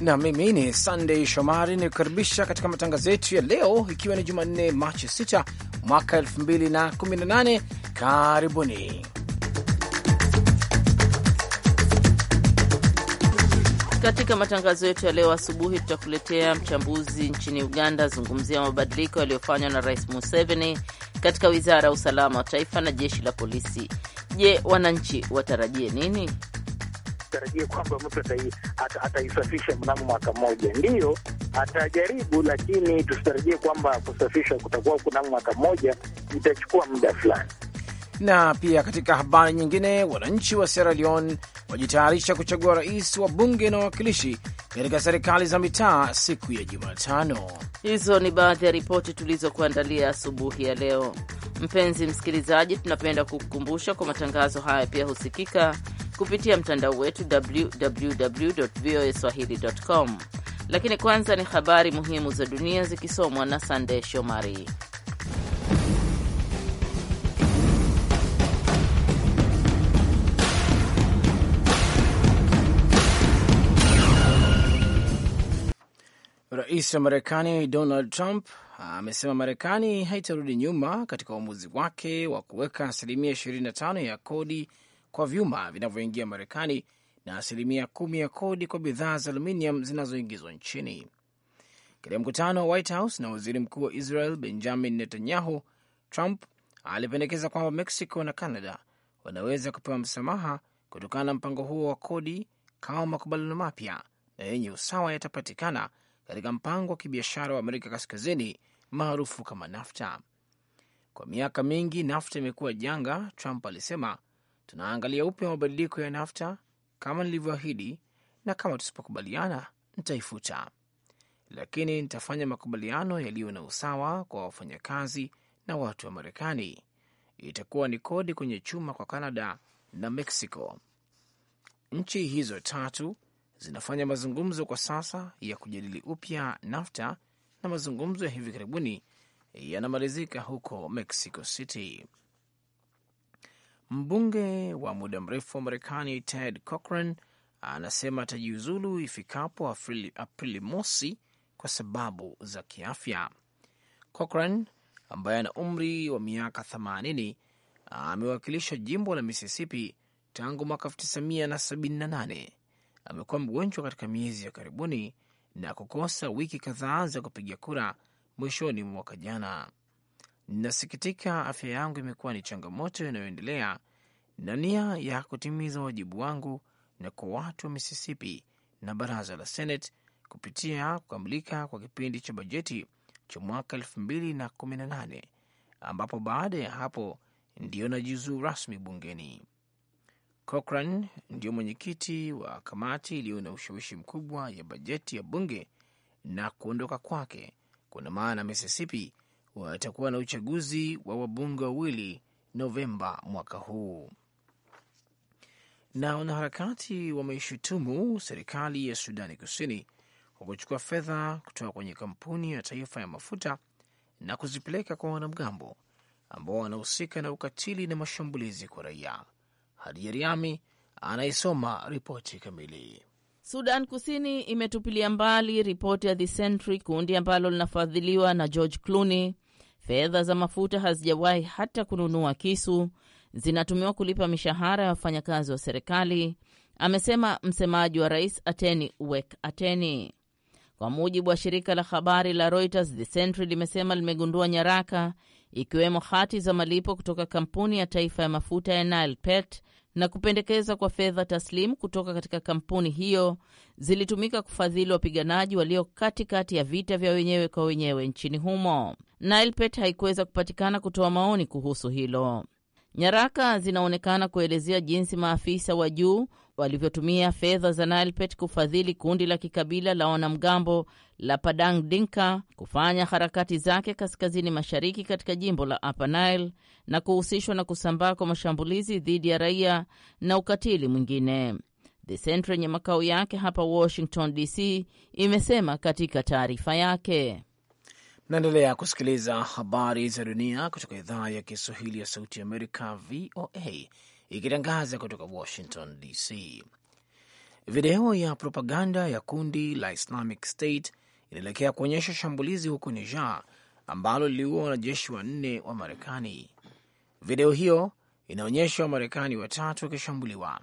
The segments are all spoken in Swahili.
na mimi ni sandey Shomari nikukaribisha katika matangazo yetu ya leo, ikiwa ni Jumanne Machi 6 mwaka 2018. Karibuni katika matangazo yetu ya leo asubuhi. Tutakuletea mchambuzi nchini Uganda azungumzia mabadiliko yaliyofanywa na Rais Museveni katika wizara ya usalama wa taifa na jeshi la polisi. Je, wananchi watarajie nini? tutarajie kwamba mtu ataisafisha ata mnamo mwaka mmoja. Ndiyo atajaribu, lakini tusitarajie kwamba kusafisha kutakuwa kunamo mwaka mmoja, itachukua muda fulani. Na pia katika habari nyingine, wananchi wa Sierra Leone wajitayarisha kuchagua rais wa bunge na wawakilishi katika serikali za mitaa siku ya Jumatano. Hizo ni baadhi ya ripoti tulizokuandalia asubuhi ya leo. Mpenzi msikilizaji, tunapenda kukukumbusha kwa matangazo haya pia husikika kupitia mtandao wetu www voa swahili.com. Lakini kwanza ni habari muhimu za dunia zikisomwa na Sandey Shomari. Rais wa Marekani Donald Trump amesema Marekani haitarudi nyuma katika uamuzi wake wa kuweka asilimia 25 ya kodi kwa vyuma vinavyoingia Marekani na asilimia kumi ya kodi kwa bidhaa za aluminium zinazoingizwa nchini. Katika mkutano wa White House na waziri mkuu wa Israel Benjamin Netanyahu, Trump alipendekeza kwamba Mexico na Canada wanaweza kupewa msamaha kutokana na mpango huo wa kodi kama makubaliano mapya na yenye usawa yatapatikana katika mpango wa kibiashara wa Amerika Kaskazini maarufu kama NAFTA. Kwa miaka mingi NAFTA imekuwa janga, Trump alisema, tunaangalia upya mabadiliko ya NAFTA kama nilivyoahidi, na kama tusipokubaliana nitaifuta, lakini nitafanya makubaliano yaliyo na usawa kwa wafanyakazi na watu wa Marekani. Itakuwa ni kodi kwenye chuma kwa canada na mexico Nchi hizo tatu zinafanya mazungumzo kwa sasa ya kujadili upya NAFTA na mazungumzo ya hivi karibuni yanamalizika huko Mexico City. Mbunge wa muda mrefu wa Marekani Ted Cochran anasema atajiuzulu ifikapo Aprili, Aprili mosi kwa sababu za kiafya. Cochran ambaye ana umri wa miaka 80 amewakilisha jimbo la Mississippi tangu mwaka 1978. Amekuwa mgonjwa katika miezi ya karibuni na kukosa wiki kadhaa za kupiga kura mwishoni mwa mwaka jana. Nasikitika, afya yangu imekuwa ni changamoto inayoendelea na nia ya kutimiza wajibu wangu na kwa watu wa Mississippi na baraza la Senate kupitia kukamilika kwa kipindi cha bajeti cha mwaka elfu mbili na kumi na nane ambapo baada ya hapo ndiyo najiuzuu rasmi bungeni. Cochran ndiyo mwenyekiti wa kamati iliyo na ushawishi mkubwa ya bajeti ya bunge na kuondoka kwake kuna maana Mississippi watakuwa na uchaguzi wa wabunge wawili Novemba mwaka huu. Na wanaharakati wameishutumu serikali ya Sudani Kusini kwa kuchukua fedha kutoka kwenye kampuni ya taifa ya mafuta na kuzipeleka kwa wanamgambo ambao wanahusika na ukatili na mashambulizi kwa raia. Hadija Riami anayesoma ripoti kamili. Sudan Kusini imetupilia mbali ripoti ya The Sentry, kundi ambalo linafadhiliwa na George Clooney Fedha za mafuta hazijawahi hata kununua kisu, zinatumiwa kulipa mishahara ya wafanyakazi wa serikali, amesema msemaji wa rais Ateni Wek Ateni. Kwa mujibu wa shirika la habari la Reuters, The Sentry limesema limegundua nyaraka ikiwemo hati za malipo kutoka kampuni ya taifa ya mafuta ya Nile Pet na kupendekeza kwa fedha taslimu kutoka katika kampuni hiyo zilitumika kufadhili wapiganaji walio katikati ya vita vya wenyewe kwa wenyewe nchini humo. NilePet haikuweza kupatikana kutoa maoni kuhusu hilo. Nyaraka zinaonekana kuelezea jinsi maafisa wa juu walivyotumia fedha za NILPET kufadhili kundi la kikabila la wanamgambo la Padang Dinka kufanya harakati zake kaskazini mashariki katika jimbo la Upper Nile na kuhusishwa na kusambaa kwa mashambulizi dhidi ya raia na ukatili mwingine. The Central yenye makao yake hapa Washington DC imesema katika taarifa yake. Naendelea kusikiliza habari za dunia kutoka idhaa ya Kiswahili ya Sauti Amerika, VOA, ikitangaza kutoka Washington DC. Video ya propaganda ya kundi la Islamic State inaelekea kuonyesha shambulizi huko Niger ambalo liliua wanajeshi wanne wa Marekani. Video hiyo inaonyesha Wamarekani watatu wakishambuliwa.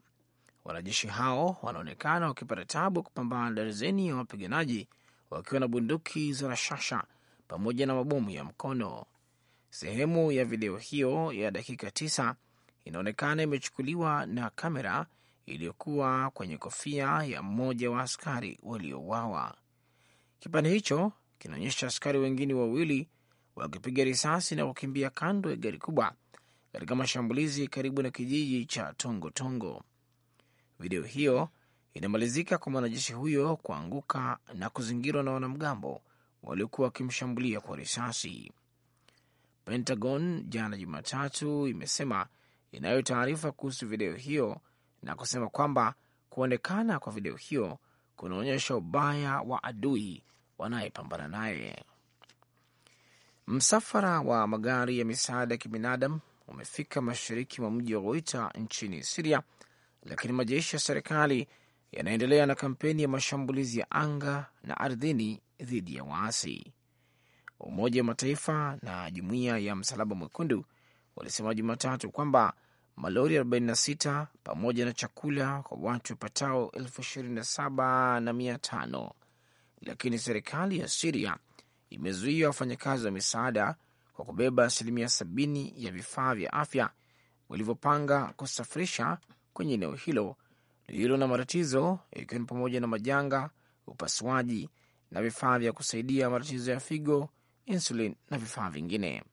Wanajeshi hao wanaonekana wakipata tabu kupambana na darzeni ya wapiganaji wakiwa na bunduki za rashasha pamoja na mabomu ya mkono. Sehemu ya video hiyo ya dakika tisa inaonekana imechukuliwa na kamera iliyokuwa kwenye kofia ya mmoja wa askari waliouawa. Kipande hicho kinaonyesha askari wengine wawili wakipiga risasi na kukimbia kando ya gari kubwa katika mashambulizi karibu na kijiji cha Tongo Tongo. Video hiyo inamalizika kwa mwanajeshi huyo kuanguka na kuzingirwa na wanamgambo waliokuwa wakimshambulia kwa risasi. Pentagon jana Jumatatu imesema inayo taarifa kuhusu video hiyo na kusema kwamba kuonekana kwa video hiyo kunaonyesha ubaya wa adui wanayepambana naye. Msafara wa magari ya misaada ya kibinadamu umefika mashariki mwa mji wa Goita nchini Siria, lakini majeshi ya serikali yanaendelea na kampeni ya mashambulizi ya anga na ardhini dhidi ya waasi. Umoja wa Mataifa na Jumuiya ya Msalaba Mwekundu walisema Jumatatu kwamba malori 46 pamoja na chakula kwa watu wapatao elfu lakini serikali ya Siria imezuia wafanyakazi wa misaada kwa kubeba asilimia 70 ya vifaa vya afya walivyopanga kusafirisha kwenye eneo hilo lililo na matatizo, ikiwa ni pamoja na majanga, upasuaji na vifaa vya kusaidia matatizo ya figo, insulin na vifaa vingine.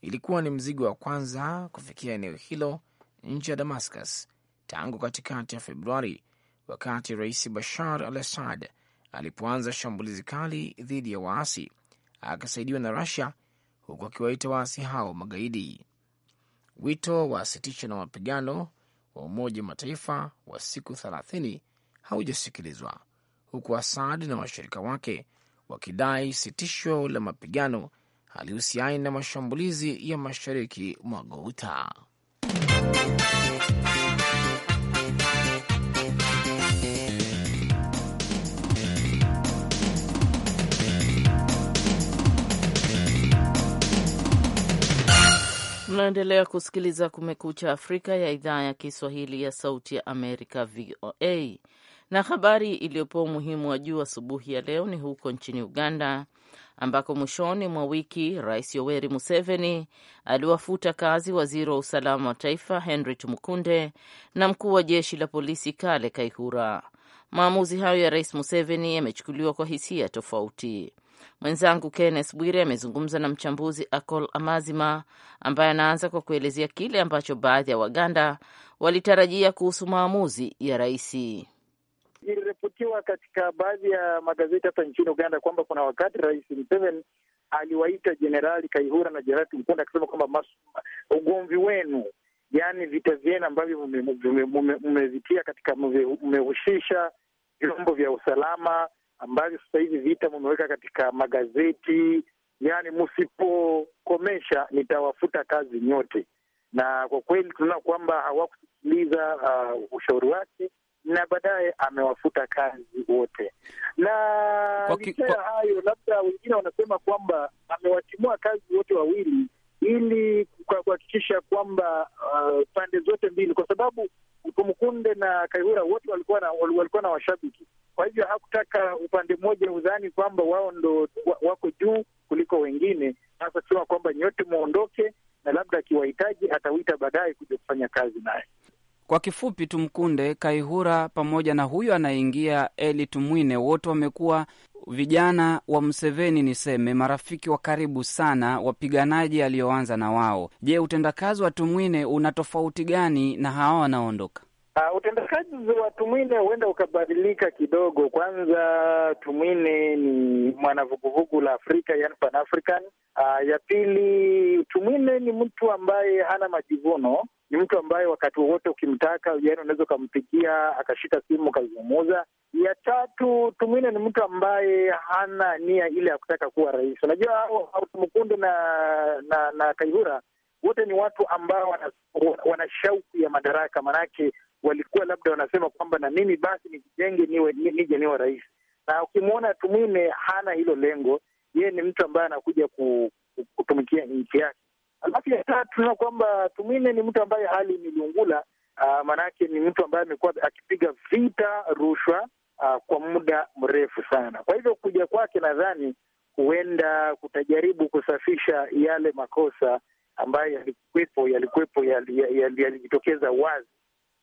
Ilikuwa ni mzigo wa kwanza kufikia eneo hilo nje ya Damascus tangu katikati ya Februari, wakati Rais Bashar al Assad alipoanza shambulizi kali dhidi ya waasi akisaidiwa na Rusia, huku akiwaita waasi hao magaidi. Wito wa sitisho na mapigano wa Umoja wa Mataifa wa siku 30 haujasikilizwa huku Asad na washirika wake wakidai sitisho la mapigano halihusiani na mashambulizi ya mashariki mwa Ghouta. Mnaendelea kusikiliza Kumekucha Afrika ya idhaa ya Kiswahili ya Sauti ya Amerika, VOA. Na habari iliyopewa umuhimu wa juu asubuhi ya leo ni huko nchini Uganda ambako mwishoni mwa wiki Rais Yoweri Museveni aliwafuta kazi waziri wa usalama wa taifa Henry Tumukunde na mkuu wa jeshi la polisi Kale Kaihura. Maamuzi hayo ya Rais Museveni yamechukuliwa kwa hisia tofauti. Mwenzangu Kenneth Bwire amezungumza na mchambuzi acol Amazima ambaye anaanza kwa kuelezea kile ambacho baadhi ya Waganda walitarajia kuhusu maamuzi ya raisi imeripotiwa katika baadhi ya magazeti hapa nchini Uganda kwamba kuna wakati Rais Museveni aliwaita Jenerali Kaihura na Jenerali Mkunda akisema kwamba ugomvi wenu, yaani vita vyenu ambavyo mmevitia katika, mmehusisha vyombo vya usalama ambavyo sasa hivi vita mumeweka katika magazeti, yani msipokomesha nitawafuta kazi nyote. Na kwa kweli tunaona kwamba hawakusikiliza uh, ushauri wake na baadaye amewafuta kazi wote. Na licha ya hayo, labda wengine wanasema kwamba amewatimua kazi wote wawili ili kuhakikisha kwamba uh, pande zote mbili, kwa sababu Mkumkunde na Kaihura wote walikuwa na walikuwa na washabiki, kwa hivyo hakutaka upande mmoja udhani kwamba wao ndo wako juu kuliko wengine, hasa kusema kwamba nyote mwondoke, na labda akiwahitaji atawita baadaye kuja kufanya kazi naye. Kwa kifupi, Tumkunde Kaihura pamoja na huyo anayeingia Eli Tumwine wote wamekuwa vijana wa Mseveni, niseme marafiki wa karibu sana, wapiganaji aliyoanza na wao. Je, utendakazi wa Tumwine una tofauti gani na hawa wanaondoka? Uh, ah, utendakazi wa Tumwine huenda ukabadilika kidogo. Kwanza, Tumwine ni mwanavuguvugu la Afrika, yani Pan African. Uh, ah, ya pili, Tumwine ni mtu ambaye hana majivuno ni mtu ambaye wakati wowote ukimtaka, yani unaweza ukampigia akashika simu ukazungumuza. Ya tatu, tumwine ni mtu ambaye hana nia ile ya kutaka kuwa rais. Unajua Mkunde na na, na Kaihura wote ni watu ambao wana, wana shauku ya madaraka, maanake walikuwa labda wanasema kwamba na mimi basi nijijenge niwe nije niwe rais, na ukimwona Tumwine hana hilo lengo. Yeye ni mtu ambaye anakuja kutumikia nchi yake Halafu ya tatu tunaona kwamba Tumine ni mtu ambaye hali imeliungula ah, maanake ni mtu ambaye amekuwa akipiga vita rushwa Uh, kwa muda mrefu sana. Kwa hivyo kuja kwake nadhani huenda kutajaribu kusafisha yale makosa ambayo yalikuwepo yalikuwepo yalijitokeza wazi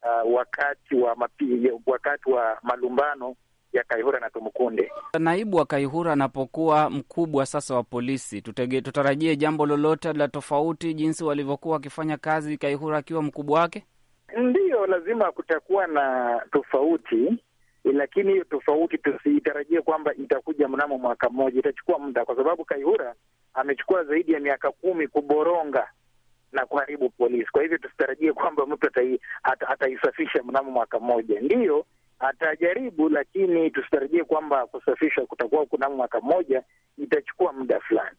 uh, wakati wa mapi, wakati wa malumbano ya Kaihura na Tumukunde. Naibu wa Kaihura anapokuwa mkubwa sasa wa polisi, tutege, tutarajie jambo lolote la tofauti jinsi walivyokuwa wakifanya kazi Kaihura akiwa mkubwa wake? Ndiyo, lazima kutakuwa na tofauti, lakini hiyo tofauti tusiitarajie kwamba itakuja mnamo mwaka mmoja. Itachukua muda, kwa sababu Kaihura amechukua zaidi ya miaka kumi kuboronga na kuharibu polisi. Kwa hivyo tusitarajie kwamba mtu ataisafisha mnamo mwaka mmoja. Ndiyo, atajaribu, lakini tusitarajie kwamba kusafisha kutakuwa kuna mwaka mmoja, itachukua muda fulani.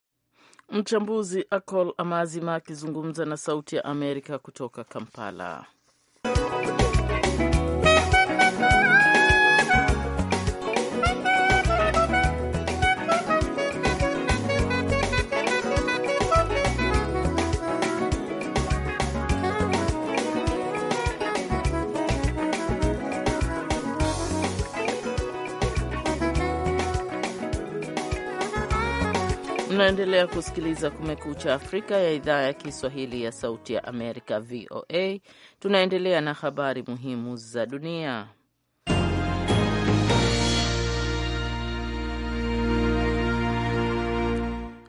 Mchambuzi Akol Amazima akizungumza na Sauti ya Amerika kutoka Kampala. Mnaendelea kusikiliza Kumekucha Afrika ya idhaa ya Kiswahili ya Sauti ya Amerika, VOA. Tunaendelea na habari muhimu za dunia.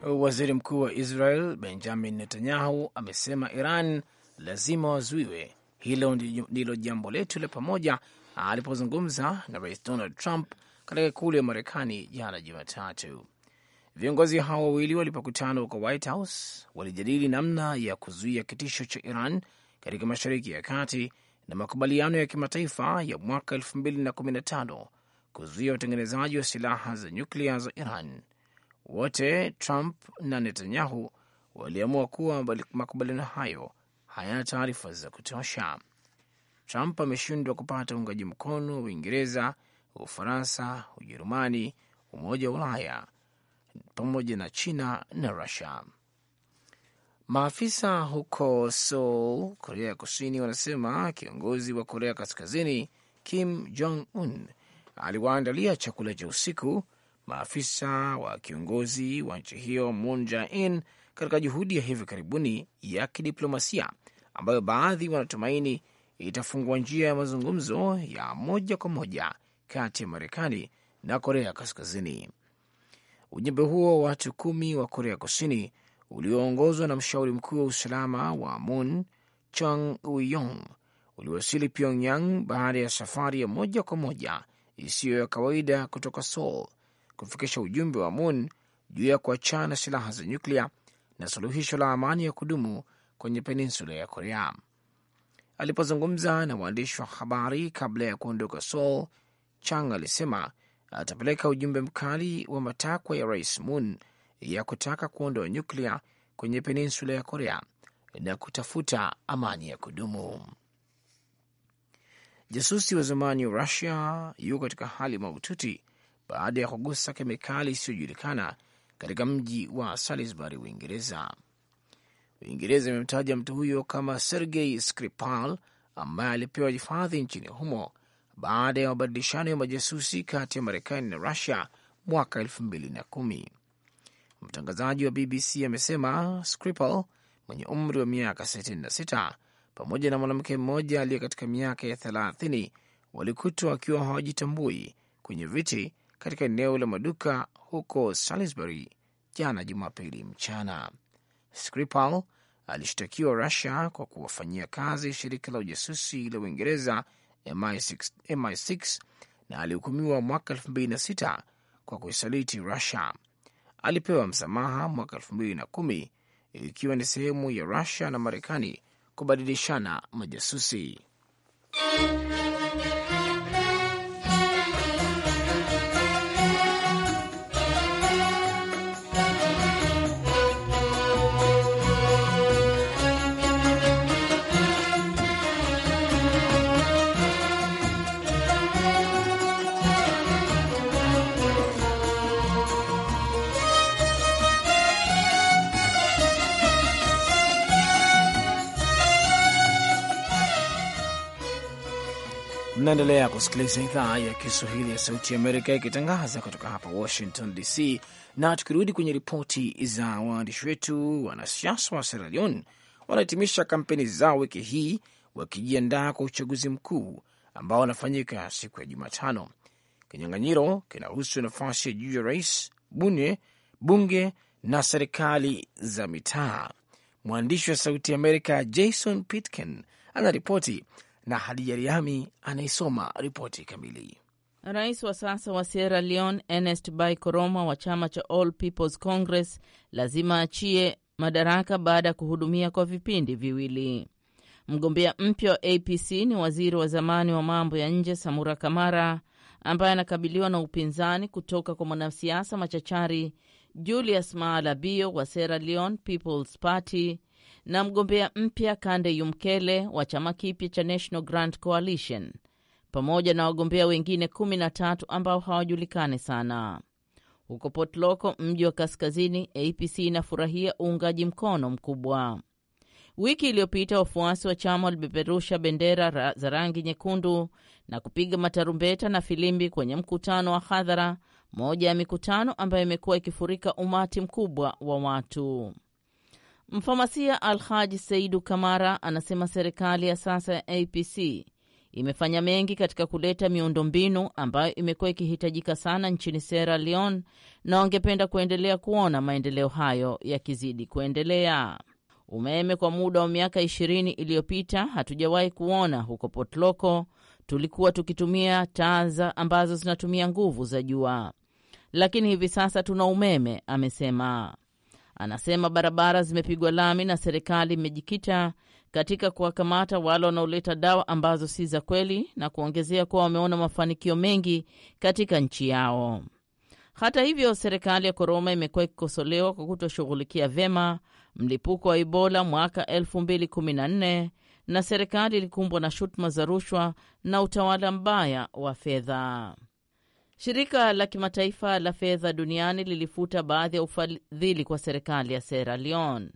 Waziri Mkuu wa Israel Benjamin Netanyahu amesema Iran lazima wazuiwe. Hilo ndilo jambo letu la pamoja, alipozungumza na Rais Donald Trump katika ikulu ya Marekani jana Jumatatu. Viongozi hao wawili walipokutana huko White House walijadili namna ya kuzuia kitisho cha Iran katika Mashariki ya Kati na makubaliano ya kimataifa ya mwaka 2015 kuzuia utengenezaji wa silaha za nyuklia za Iran. Wote Trump na Netanyahu waliamua kuwa makubaliano hayo hayana taarifa za kutosha. Trump ameshindwa kupata uungaji mkono wa Uingereza, Ufaransa, Ujerumani, Umoja wa Ulaya pamoja na China na Rusia. Maafisa huko Seoul, Korea ya Kusini, wanasema kiongozi wa Korea Kaskazini Kim Jong Un aliwaandalia chakula cha usiku maafisa wa kiongozi wa nchi hiyo Moon Jae-in katika juhudi ya hivi karibuni ya kidiplomasia ambayo baadhi wanatumaini itafungua njia ya mazungumzo ya moja kwa moja kati ya Marekani na Korea Kaskazini. Ujumbe huo wa watu kumi wa Korea Kusini ulioongozwa na mshauri mkuu wa usalama wa Moon Chung Uyong uliwasili Pyongyang baada ya safari ya moja kwa moja isiyo ya kawaida kutoka Seoul kufikisha ujumbe wa Moon juu ya kuachana silaha za nyuklia na suluhisho la amani ya kudumu kwenye peninsula ya Korea. Alipozungumza na waandishi wa habari kabla ya kuondoka Seoul, Chang alisema atapeleka ujumbe mkali wa matakwa ya Rais Moon ya kutaka kuondoa nyuklia kwenye peninsula ya Korea na kutafuta amani ya kudumu. Jasusi wa zamani wa Rusia yuko katika hali mahututi baada ya kugusa kemikali isiyojulikana katika mji wa Salisbury, Uingereza. Uingereza imemtaja mtu huyo kama Sergei Skripal ambaye alipewa hifadhi nchini humo baada ya mabadilishano ya majasusi kati ya Marekani na Rusia mwaka 21 Mtangazaji wa BBC amesema Skripal mwenye umri wa miaka 66 pamoja na mwanamke mmoja aliye katika miaka ya 30 walikutwa wakiwa hawajitambui kwenye viti katika eneo la maduka huko Salisbury jana Jumapili mchana. Skripal alishtakiwa Rusia kwa kuwafanyia kazi shirika la ujasusi la Uingereza MI6, na alihukumiwa mwaka 2006 kwa kuisaliti Rusia. Alipewa msamaha mwaka 2010 ikiwa ni sehemu ya Rusia na Marekani kubadilishana majasusi. Mnaendelea kusikiliza idhaa ya Kiswahili ya Sauti ya Amerika ikitangaza kutoka hapa Washington DC. Na tukirudi kwenye ripoti za waandishi wetu, wanasiasa wa Sierra Leone wanahitimisha kampeni zao wiki hii wakijiandaa kwa uchaguzi mkuu ambao wanafanyika siku ya Jumatano. Kinyang'anyiro kinahusu nafasi ya juu ya rais, bunge, bunge na serikali za mitaa. Mwandishi wa Sauti Amerika Jason Pitkin anaripoti na Hadija Riami anayesoma ripoti kamili. Rais wa sasa wa Sierra Leone Ernest Bai Koroma wa chama cha All People's Congress lazima achie madaraka baada ya kuhudumia kwa vipindi viwili. Mgombea mpya wa APC ni waziri wa zamani wa mambo ya nje Samura Kamara ambaye anakabiliwa na upinzani kutoka kwa mwanasiasa machachari Julius maalabio Bio wa Sierra Leone People's Party na mgombea mpya Kande Yumkele wa chama kipya cha National Grand Coalition pamoja na wagombea wengine kumi na tatu ambao hawajulikani sana. Huko Potloko, mji wa kaskazini, APC inafurahia uungaji mkono mkubwa. Wiki iliyopita wafuasi wa chama walipeperusha bendera za rangi nyekundu na kupiga matarumbeta na filimbi kwenye mkutano wa hadhara, moja ya mikutano ambayo imekuwa ikifurika umati mkubwa wa watu. Mfamasia Alhaji Seidu Kamara anasema serikali ya sasa ya APC imefanya mengi katika kuleta miundombinu ambayo imekuwa ikihitajika sana nchini Sierra Leone na wangependa kuendelea kuona maendeleo hayo yakizidi kuendelea. Umeme kwa muda wa miaka ishirini iliyopita hatujawahi kuona huko Potloko. Tulikuwa tukitumia taa za ambazo zinatumia nguvu za jua, lakini hivi sasa tuna umeme, amesema. Anasema barabara zimepigwa lami na serikali imejikita katika kuwakamata wale wanaoleta dawa ambazo si za kweli, na kuongezea kuwa wameona mafanikio mengi katika nchi yao. Hata hivyo, serikali ya Koroma imekuwa ikikosolewa kwa kutoshughulikia vyema mlipuko wa Ebola mwaka 2014 na serikali ilikumbwa na shutuma za rushwa na utawala mbaya wa fedha. Shirika la kimataifa la fedha duniani lilifuta baadhi ya ufadhili kwa serikali ya Sierra Leone,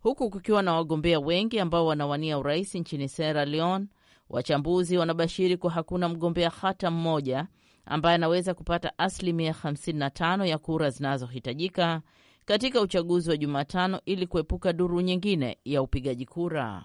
huku kukiwa na wagombea wengi ambao wanawania urais nchini Sierra Leone. Wachambuzi wanabashiri kuwa hakuna mgombea hata mmoja ambaye anaweza kupata asilimia 55 ya kura zinazohitajika katika uchaguzi wa Jumatano ili kuepuka duru nyingine ya upigaji kura.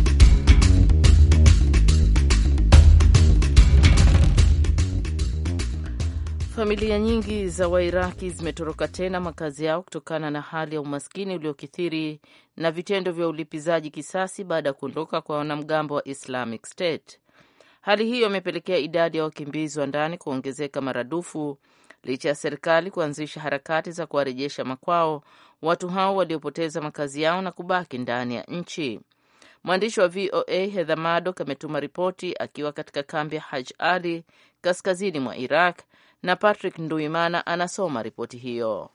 Familia nyingi za Wairaki zimetoroka tena makazi yao kutokana na hali ya umaskini uliokithiri na vitendo vya ulipizaji kisasi baada ya kuondoka kwa wanamgambo wa Islamic State. Hali hiyo imepelekea idadi ya wakimbizi wa ndani kuongezeka maradufu licha ya serikali kuanzisha harakati za kuwarejesha makwao watu hao waliopoteza makazi yao na kubaki ndani ya nchi. Mwandishi wa VOA Hedha ametuma ripoti akiwa katika kambi ya Haj Ali kaskazini mwa Iraq na Patrick Nduimana anasoma ripoti hiyo.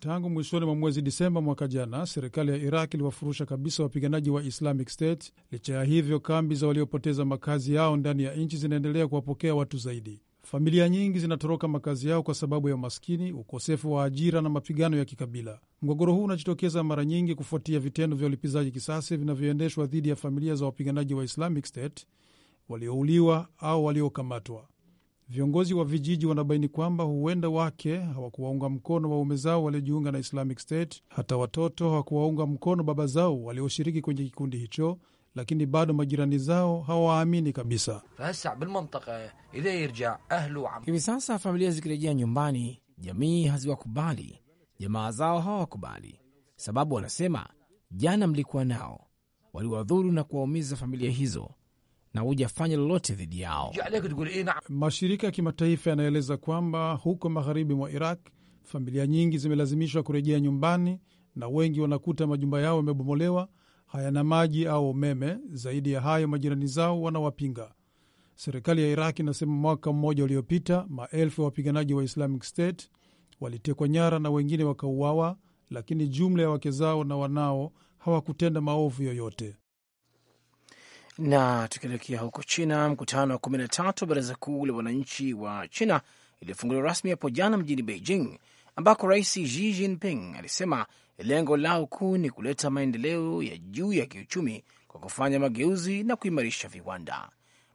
Tangu mwishoni mwa mwezi Disemba mwaka jana, serikali ya Iraq iliwafurusha kabisa wapiganaji wa Islamic State. Licha ya hivyo, kambi za waliopoteza makazi yao ndani ya nchi zinaendelea kuwapokea watu zaidi. Familia nyingi zinatoroka makazi yao kwa sababu ya umaskini, ukosefu wa ajira na mapigano ya kikabila. Mgogoro huu unajitokeza mara nyingi kufuatia vitendo vya ulipizaji kisasi vinavyoendeshwa dhidi ya familia za wapiganaji wa Islamic State waliouliwa au waliokamatwa. Viongozi wa vijiji wanabaini kwamba huenda wake hawakuwaunga mkono waume zao waliojiunga na Islamic State. Hata watoto hawakuwaunga mkono baba zao walioshiriki kwenye kikundi hicho, lakini bado majirani zao hawaamini kabisa. Hivi sasa familia zikirejea nyumbani, jamii haziwakubali, jamaa zao hawakubali, sababu wanasema jana mlikuwa nao, waliwadhuru na kuwaumiza familia hizo na hujafanya lolote dhidi yao. Eh, Mashirika ya kimataifa yanaeleza kwamba huko magharibi mwa Iraq familia nyingi zimelazimishwa kurejea nyumbani na wengi wanakuta majumba yao yamebomolewa, hayana maji au umeme. Zaidi ya hayo, majirani zao wanawapinga. Serikali ya Iraq inasema mwaka mmoja uliopita maelfu ya wapiganaji wa Islamic State walitekwa nyara na wengine wakauawa, lakini jumla ya wake zao na wanao hawakutenda maovu yoyote. Na tukielekea huko China, mkutano wa kumi na tatu baraza kuu la wananchi wa China iliyofunguliwa rasmi hapo jana mjini Beijing, ambako Rais Xi Jinping alisema lengo lao kuu ni kuleta maendeleo ya juu ya kiuchumi kwa kufanya mageuzi na kuimarisha viwanda.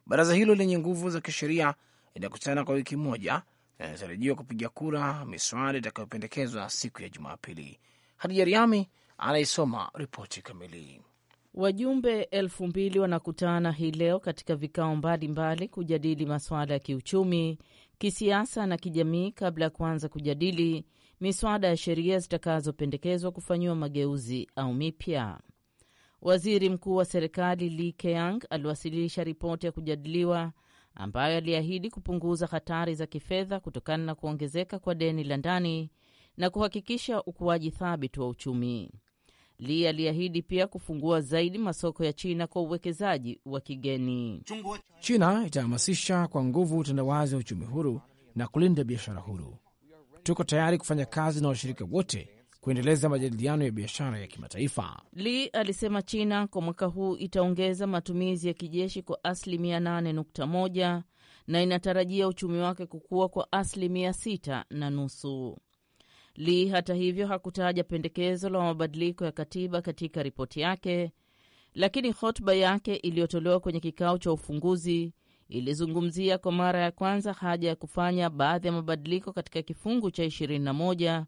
Baraza hilo lenye nguvu za kisheria linakutana kwa wiki moja na inatarajiwa kupiga kura miswada itakayopendekezwa siku ya Jumapili. Hadija Riami anaisoma ripoti kamili. Wajumbe elfu mbili wanakutana hii leo katika vikao mbalimbali kujadili masuala ya kiuchumi, kisiasa na kijamii kabla ya kuanza kujadili miswada ya sheria zitakazopendekezwa kufanyiwa mageuzi au mipya. Waziri Mkuu wa serikali li Keang aliwasilisha ripoti ya kujadiliwa ambayo aliahidi kupunguza hatari za kifedha kutokana na kuongezeka kwa deni la ndani na kuhakikisha ukuaji thabiti wa uchumi. Li aliahidi pia kufungua zaidi masoko ya China kwa uwekezaji wa kigeni. China itahamasisha kwa nguvu utandawazi wa uchumi huru na kulinda biashara huru. Tuko tayari kufanya kazi na washirika wote kuendeleza majadiliano ya biashara ya kimataifa. Li alisema China kwa mwaka huu itaongeza matumizi ya kijeshi kwa asilimia 8.1 na inatarajia uchumi wake kukua kwa asilimia 6 na nusu. Li hata hivyo hakutaja pendekezo la mabadiliko ya katiba katika ripoti yake, lakini hotuba yake iliyotolewa kwenye kikao cha ufunguzi ilizungumzia kwa mara ya kwanza haja ya kufanya baadhi ya mabadiliko katika kifungu cha 21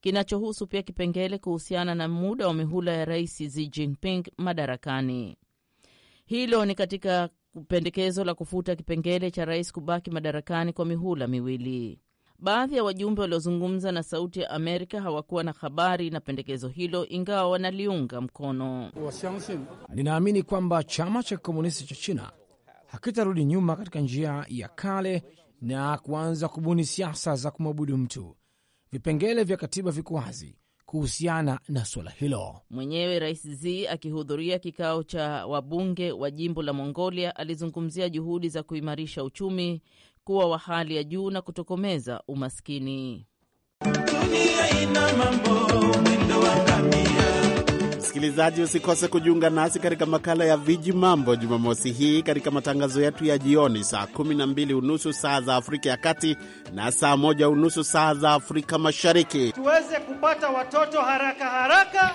kinachohusu pia kipengele kuhusiana na muda wa mihula ya Rais Xi Jinping madarakani. Hilo ni katika pendekezo la kufuta kipengele cha rais kubaki madarakani kwa mihula miwili. Baadhi ya wajumbe waliozungumza na Sauti ya Amerika hawakuwa na habari na pendekezo hilo, ingawa wanaliunga mkono. Ninaamini kwamba chama cha kikomunisti cha China hakitarudi nyuma katika njia ya kale na kuanza kubuni siasa za kumwabudu mtu. Vipengele vya katiba viko wazi kuhusiana na suala hilo. Mwenyewe Rais Z akihudhuria kikao cha wabunge wa jimbo la Mongolia alizungumzia juhudi za kuimarisha uchumi, kuwa wa hali ya juu na kutokomeza umaskini. Msikilizaji, usikose kujiunga nasi katika makala ya Viji Mambo Jumamosi hii katika matangazo yetu ya jioni saa 12 unusu saa za Afrika ya Kati na saa moja unusu saa za Afrika Mashariki, tuweze kupata watoto haraka haraka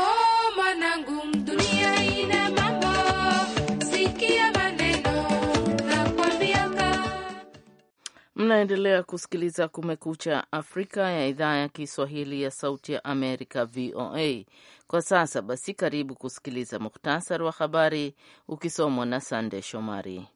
Mnaendelea kusikiliza Kumekucha Afrika ya idhaa ya Kiswahili ya Sauti ya Amerika, VOA. Kwa sasa basi, karibu kusikiliza muhtasari wa habari ukisomwa na Sande Shomari.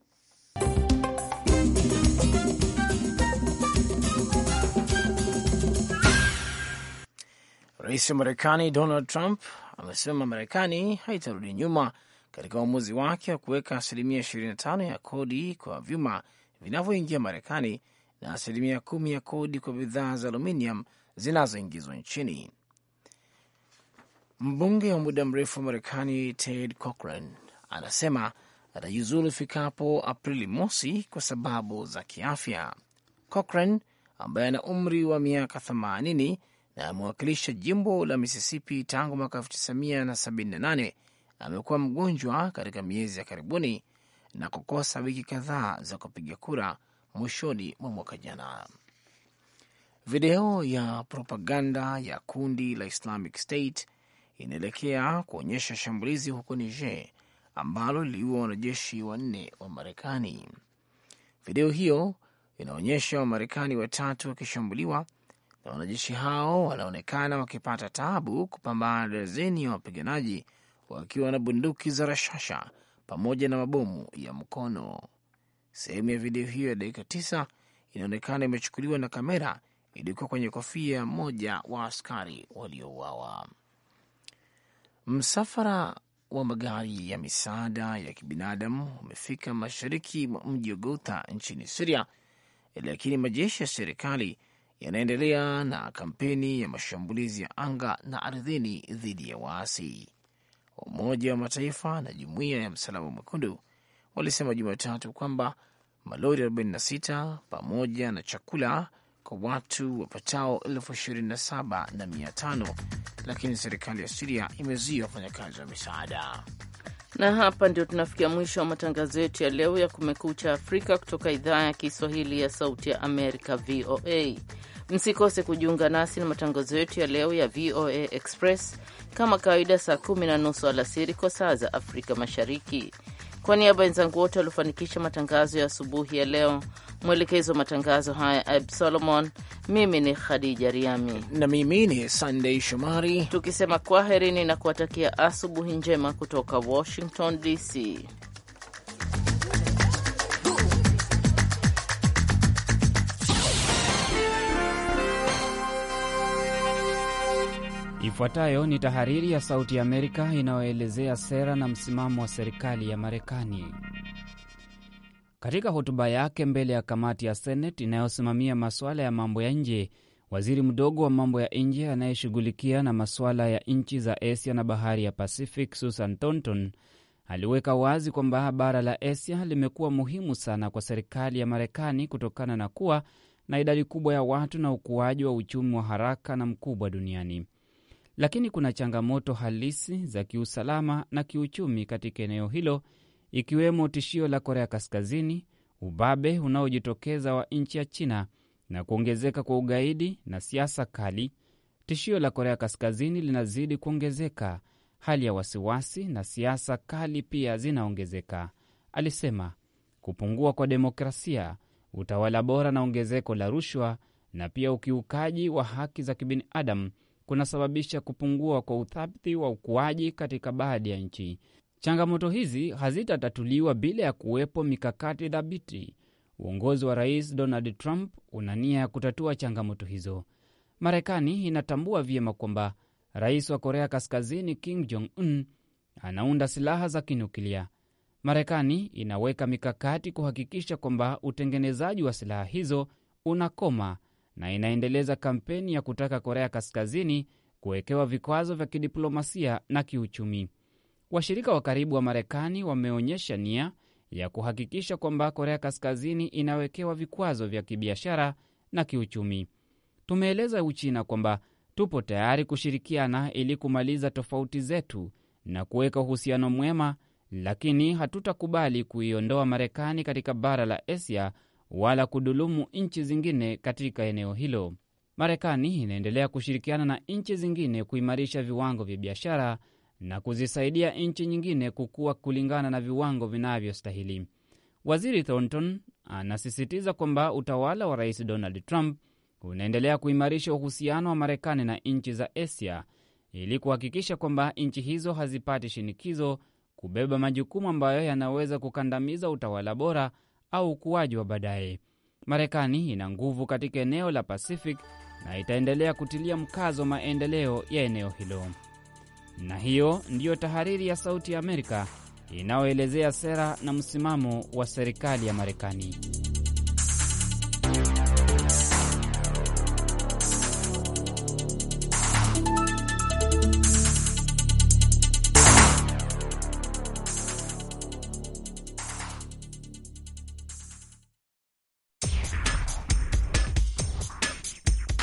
Rais wa Marekani Donald Trump amesema Marekani haitarudi nyuma katika uamuzi wake wa kuweka asilimia 25 ya kodi kwa vyuma vinavyoingia Marekani na asilimia kumi ya kodi kwa bidhaa za aluminium zinazoingizwa nchini. Mbunge wa muda mrefu wa Marekani Ted Cochran anasema atajiuzulu ifikapo Aprili mosi kwa sababu za kiafya. Cochran ambaye ana umri wa miaka 80 na amewakilisha jimbo la Mississippi tangu mwaka 1978 amekuwa mgonjwa katika miezi ya karibuni na kukosa wiki kadhaa za kupiga kura mwishoni mwa mwaka jana. Video ya propaganda ya kundi la Islamic State inaelekea kuonyesha shambulizi huko Niger ambalo liliua wanajeshi wanne wa Marekani. Video hiyo inaonyesha Wamarekani watatu wakishambuliwa na wanajeshi hao wanaonekana wakipata taabu kupambana na dazeni ya wapiganaji wakiwa na bunduki za rashasha pamoja na mabomu ya mkono. Sehemu ya video hiyo ya dakika tisa inaonekana imechukuliwa na kamera ilikuwa kwenye kofia mmoja wa askari waliouawa. Msafara wa magari ya misaada ya kibinadamu umefika mashariki mwa mji wa Gouta nchini Siria, lakini majeshi ya serikali yanaendelea na kampeni ya mashambulizi ya anga na ardhini dhidi ya waasi. Umoja wa Mataifa na Jumuiya ya Msalaba Mwekundu walisema Jumatatu kwamba malori 46 pamoja na chakula kwa watu wapatao 27,500 lakini serikali ya Siria imezuia wafanyakazi wa misaada. Na hapa ndio tunafikia mwisho wa matangazo yetu ya leo ya Kumekucha Afrika kutoka idhaa ya Kiswahili ya Sauti ya Amerika, VOA. Msikose kujiunga nasi na matangazo yetu ya leo ya VOA Express kama kawaida, saa kumi na nusu alasiri kwa saa za Afrika Mashariki. Kwa niaba ya wenzangu wote waliofanikisha matangazo ya asubuhi ya leo, mwelekezi wa matangazo haya Ab Solomon, mimi ni Khadija Riami na mimi ni Sandei Shomari, tukisema kwaherini na kuwatakia asubuhi njema kutoka Washington DC. Ifuatayo ni tahariri ya Sauti ya Amerika inayoelezea sera na msimamo wa serikali ya Marekani. Katika hotuba yake mbele ya kamati ya Seneti inayosimamia masuala ya mambo ya nje, waziri mdogo wa mambo ya nje anayeshughulikia na masuala ya nchi za Asia na bahari ya Pacific, Susan Thornton, aliweka wazi kwamba bara la Asia limekuwa muhimu sana kwa serikali ya Marekani kutokana na kuwa na idadi kubwa ya watu na ukuaji wa uchumi wa haraka na mkubwa duniani lakini kuna changamoto halisi za kiusalama na kiuchumi katika eneo hilo, ikiwemo tishio la Korea Kaskazini, ubabe unaojitokeza wa nchi ya China na kuongezeka kwa ugaidi na siasa kali. Tishio la Korea Kaskazini linazidi kuongezeka. Hali ya wasiwasi na siasa kali pia zinaongezeka, alisema. Kupungua kwa demokrasia, utawala bora na ongezeko la rushwa na pia ukiukaji wa haki za kibinadamu kunasababisha kupungua kwa uthabiti wa ukuaji katika baadhi ya nchi. Changamoto hizi hazitatatuliwa bila ya kuwepo mikakati thabiti. Uongozi wa Rais Donald Trump una nia ya kutatua changamoto hizo. Marekani inatambua vyema kwamba rais wa Korea Kaskazini Kim Jong Un anaunda silaha za kinyuklia. Marekani inaweka mikakati kuhakikisha kwamba utengenezaji wa silaha hizo unakoma na inaendeleza kampeni ya kutaka Korea Kaskazini kuwekewa vikwazo vya kidiplomasia na kiuchumi. Washirika wa karibu wa Marekani wameonyesha nia ya kuhakikisha kwamba Korea Kaskazini inawekewa vikwazo vya kibiashara na kiuchumi. Tumeeleza Uchina kwamba tupo tayari kushirikiana ili kumaliza tofauti zetu na kuweka uhusiano mwema, lakini hatutakubali kuiondoa Marekani katika bara la Asia wala kudhulumu nchi zingine katika eneo hilo. Marekani inaendelea kushirikiana na nchi zingine kuimarisha viwango vya biashara na kuzisaidia nchi nyingine kukua kulingana na viwango vinavyostahili. Waziri Thornton anasisitiza kwamba utawala wa Rais Donald Trump unaendelea kuimarisha uhusiano wa Marekani na nchi za Asia ili kuhakikisha kwamba nchi hizo hazipati shinikizo kubeba majukumu ambayo yanaweza kukandamiza utawala bora au ukuaji wa baadaye. Marekani ina nguvu katika eneo la Pacific na itaendelea kutilia mkazo maendeleo ya eneo hilo. Na hiyo ndiyo tahariri ya Sauti ya Amerika inayoelezea sera na msimamo wa serikali ya Marekani.